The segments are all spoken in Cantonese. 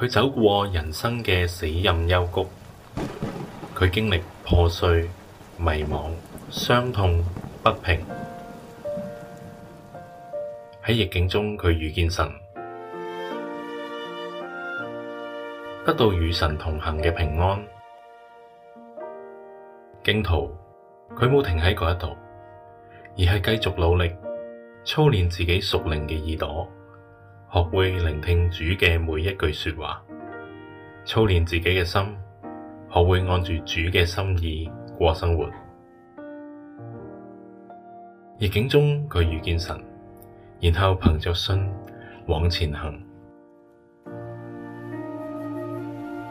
佢走過人生嘅死蔭幽谷，佢經歷破碎、迷茫、傷痛、不平。喺逆境中，佢遇見神，得到與神同行嘅平安。荊徒，佢冇停喺嗰一度，而係繼續努力操練自己屬靈嘅耳朵。學會聆聽主嘅每一句說話，操練自己嘅心，學會按住主嘅心意過生活。逆境中佢遇見神，然後憑着信往前行。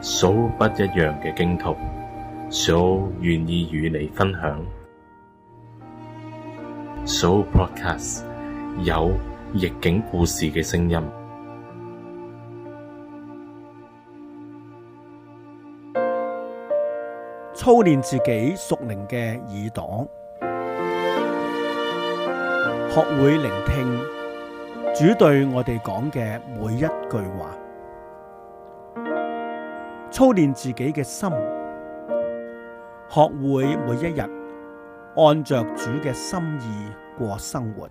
數不一樣嘅荊途，數願意與你分享。數 podcast 有。逆境故事嘅聲音，操練自己屬靈嘅耳朵學會聆聽主對我哋講嘅每一句話。操練自己嘅心，學會每一日按着主嘅心意過生活。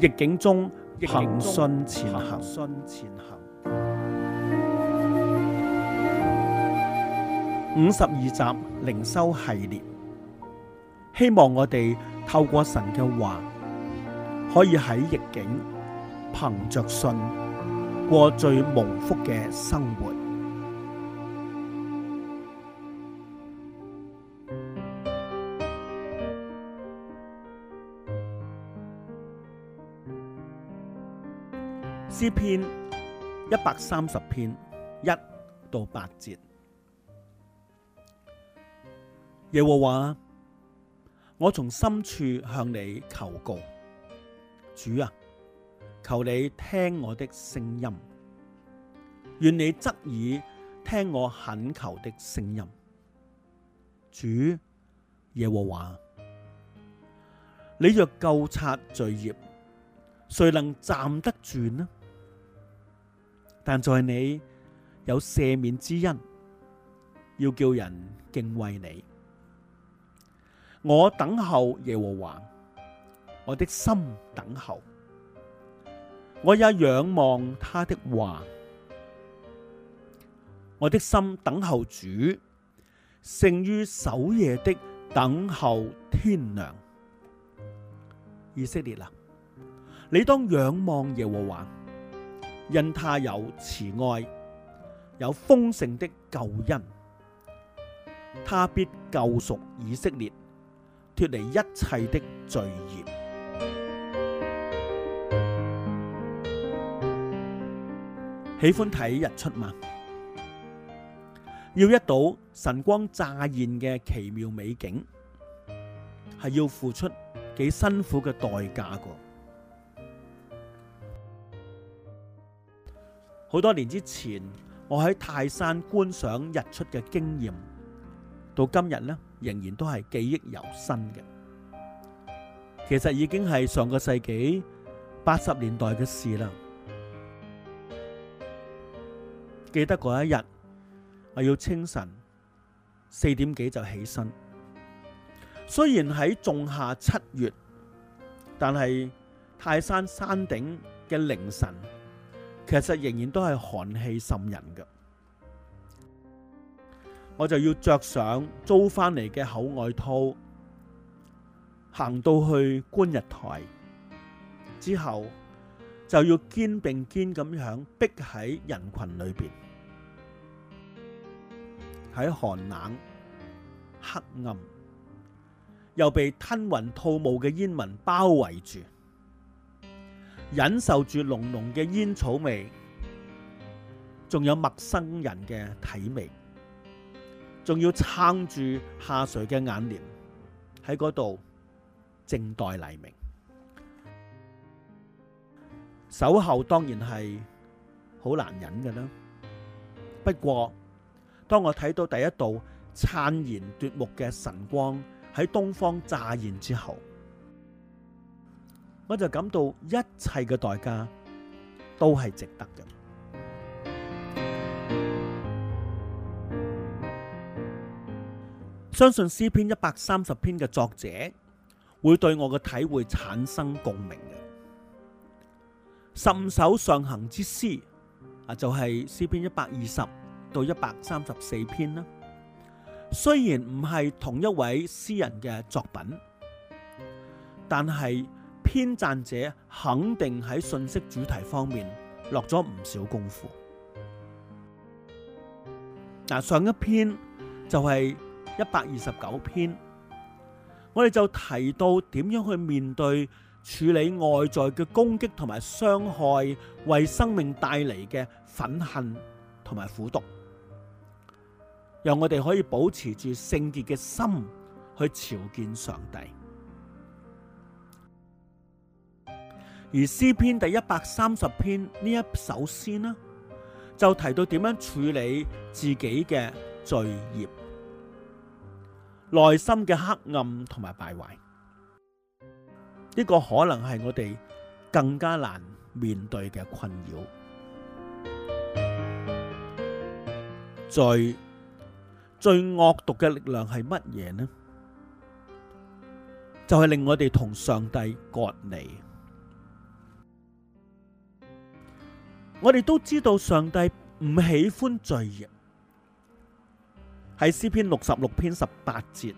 逆境中，憑信前行。五十二集靈修系列，希望我哋透過神嘅話，可以喺逆境，憑着信過最蒙福嘅生活。詩篇一百三十篇一到八節，耶和華啊，我從深處向你求告，主啊，求你聽我的聲音，願你側耳聽我懇求的聲音，主耶和華，你若究察罪孽，誰能站得住呢？但在你有赦免之恩，要叫人敬畏你。我等候耶和華，我的心等候。我也仰望他的話，我的心等候主，勝於守夜的等候天亮。以色列啊，你當仰望耶和華。因他有慈愛，有豐盛的救恩，他必救贖以色列，脫離一切的罪孽。喜歡睇日出嘛？要一睹晨光乍現嘅奇妙美景，係要付出幾辛苦嘅代價㗎。好多年之前，我喺泰山觀賞日出嘅經驗，到今日呢，仍然都係記憶猶新嘅。其實已經係上個世紀八十年代嘅事啦。記得嗰一日，我要清晨四點幾就起身。雖然喺仲夏七月，但係泰山山頂嘅凌晨。其實仍然都係寒氣滲人㗎，我就要着上租翻嚟嘅厚外套，行到去觀日台之後，就要肩並肩咁樣逼喺人群裏邊，喺寒冷、黑暗，又被吞雲吐霧嘅煙雲包圍住。忍受住濃濃嘅煙草味，仲有陌生人嘅體味，仲要撐住下垂嘅眼簾喺嗰度靜待黎明。守候當然係好難忍㗎啦。不過當我睇到第一道燦然奪目嘅神光喺東方乍現之後，我就感到一切嘅代價都係值得嘅。相信詩篇一百三十篇嘅作者會對我嘅體會產生共鳴嘅。十五首上行之詩啊，就係詩篇一百二十到一百三十四篇啦。雖然唔係同一位詩人嘅作品，但係，編撰者肯定喺信息主題方面落咗唔少功夫。嗱，上一篇就係一百二十九篇，我哋就提到點樣去面對處理外在嘅攻擊同埋傷害，為生命帶嚟嘅憤恨同埋苦毒，讓我哋可以保持住聖潔嘅心去朝見上帝。而詩篇第一百三十篇呢一首詩呢，就提到點樣處理自己嘅罪孽、內心嘅黑暗同埋敗壞。呢、這個可能係我哋更加難面對嘅困擾。罪最、最惡毒嘅力量係乜嘢呢？就係、是、令我哋同上帝割離。我哋都知道上帝唔喜歡罪孽，喺詩篇六十六篇十八節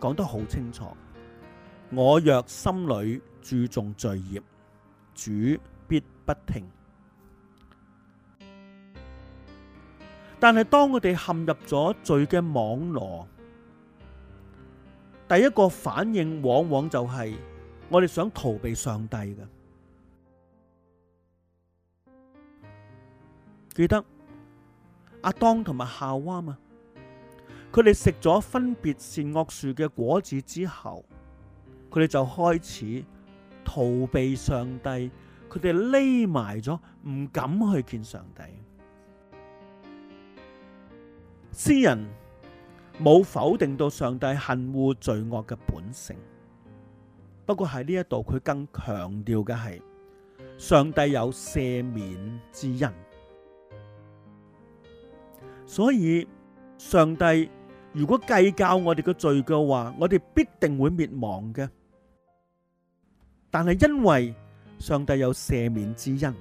講得好清楚。「我若心裏注重罪孽，主必不聽。」但係當我哋陷入咗罪嘅網羅，第一個反應往往就係我哋想逃避上帝嘅。記得阿當同埋夏娃嘛？佢哋食咗分別善惡樹嘅果子之後，佢哋就開始逃避上帝。佢哋匿埋咗，唔敢去見上帝。詩人冇否定到上帝恨惡罪惡嘅本性，不過喺呢一度，佢更強調嘅係上帝有赦免之恩。所以，上帝如果計較我哋嘅罪嘅話，我哋必定會滅亡嘅。但係因為上帝有赦免之恩，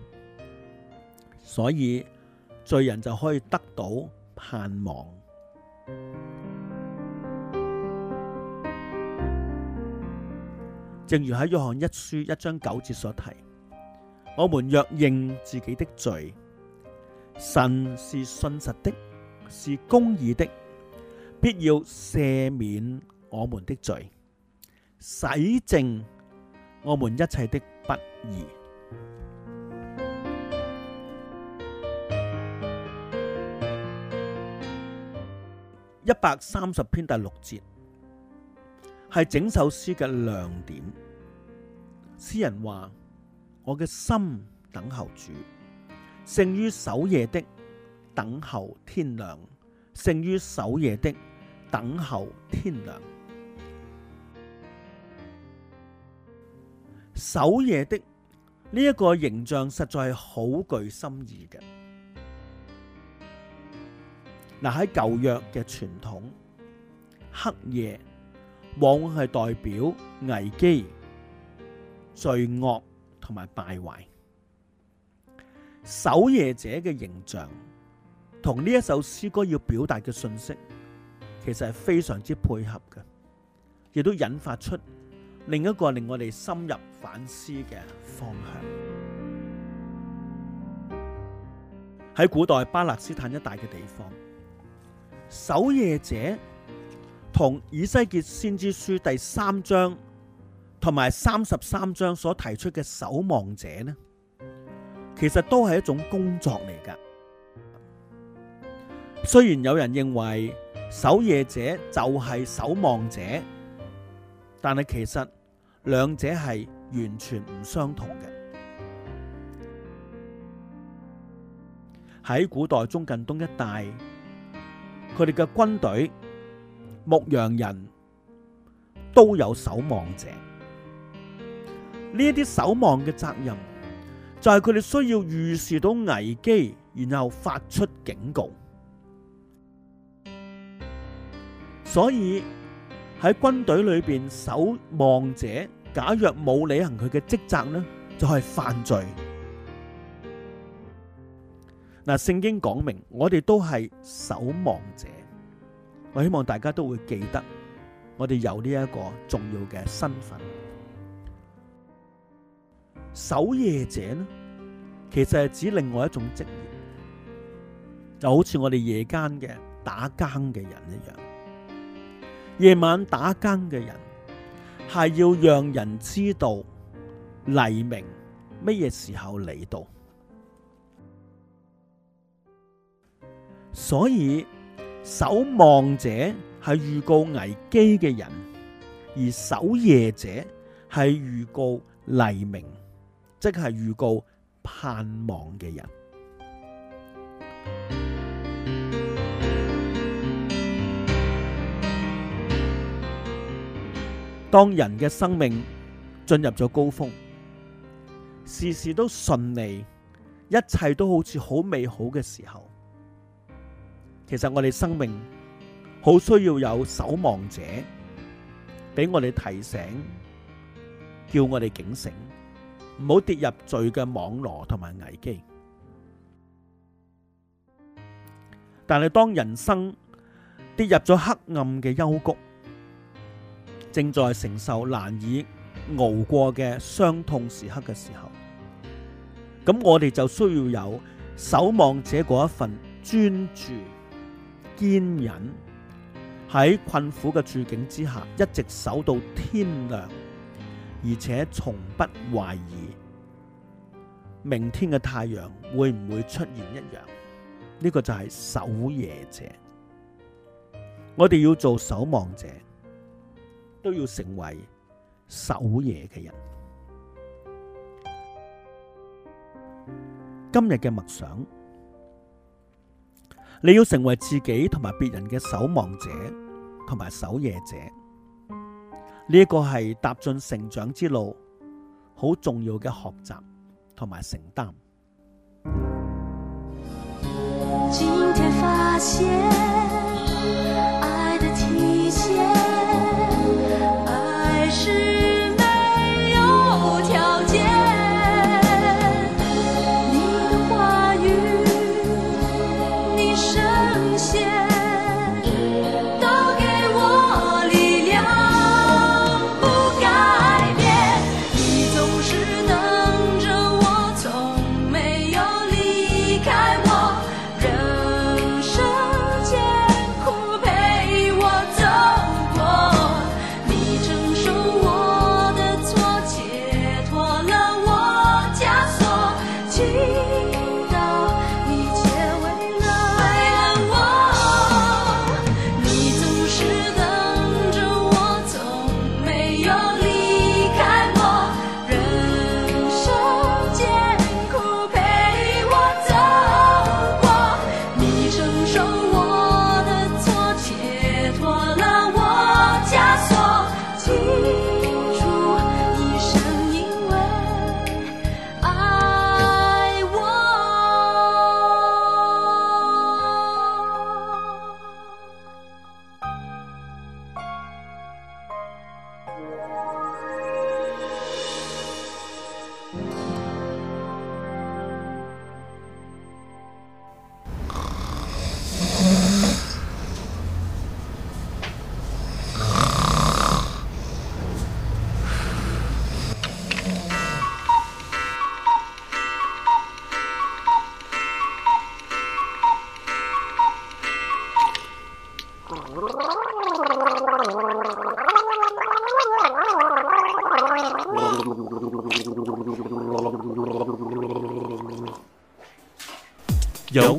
所以罪人就可以得到盼望。正如喺約翰一書一章九節所提，我們若認自己的罪，神是信實的，是公義的，必要赦免我們的罪，洗淨我們一切的不義。一百三十篇第六節係整首詩嘅亮點。詩人話：我嘅心等候主，勝於守夜的。等候天亮，勝於守夜的，等候天亮。守夜的，呢一個形象實在係好具心意嘅。嗱，喺舊約嘅傳統，黑夜往往係代表危機、罪惡同埋敗壞。守夜者嘅形象。同呢一首詩歌要表達嘅信息，其實係非常之配合嘅，亦都引發出另一個令我哋深入反思嘅方向。喺古代巴勒斯坦一帶嘅地方，守夜者同以西結先知書第三章同埋三十三章所提出嘅守望者呢，其實都係一種工作嚟㗎。雖然有人認為守夜者就係守望者，但係其實兩者係完全唔相同嘅。喺古代中近東一帶，佢哋嘅軍隊、牧羊人都有守望者。呢一啲守望嘅責任，就係佢哋需要預視到危機，然後發出警告。所以喺軍隊裏邊守望者，假若冇履行佢嘅職責呢，就係犯罪。嗱，聖經講明，我哋都係守望者，我希望大家都會記得，我哋有呢一個重要嘅身份。守夜者呢，其實係指另外一種職業，就好似我哋夜間嘅打更嘅人一樣。夜晚打更嘅人係要讓人知道黎明乜嘢時候嚟到，所以守望者係預告危機嘅人，而守夜者係預告黎明，即係預告盼望嘅人。當人嘅生命進入咗高峰，事事都順利，一切都好似好美好嘅時候，其實我哋生命好需要有守望者，俾我哋提醒，叫我哋警醒，唔好跌入罪嘅網羅同埋危機。但係當人生跌入咗黑暗嘅幽谷。正在承受難以熬過嘅傷痛時刻嘅時候，咁我哋就需要有守望者嗰一份專注、堅忍，喺困苦嘅處境之下，一直守到天亮，而且從不懷疑明天嘅太陽會唔會出現一樣。呢個就係守夜者，我哋要做守望者。都要成為守夜嘅人。今日嘅默想，你要成為自己同埋別人嘅守望者，同埋守夜者。呢一個係踏進成長之路好重要嘅學習同埋承擔。你。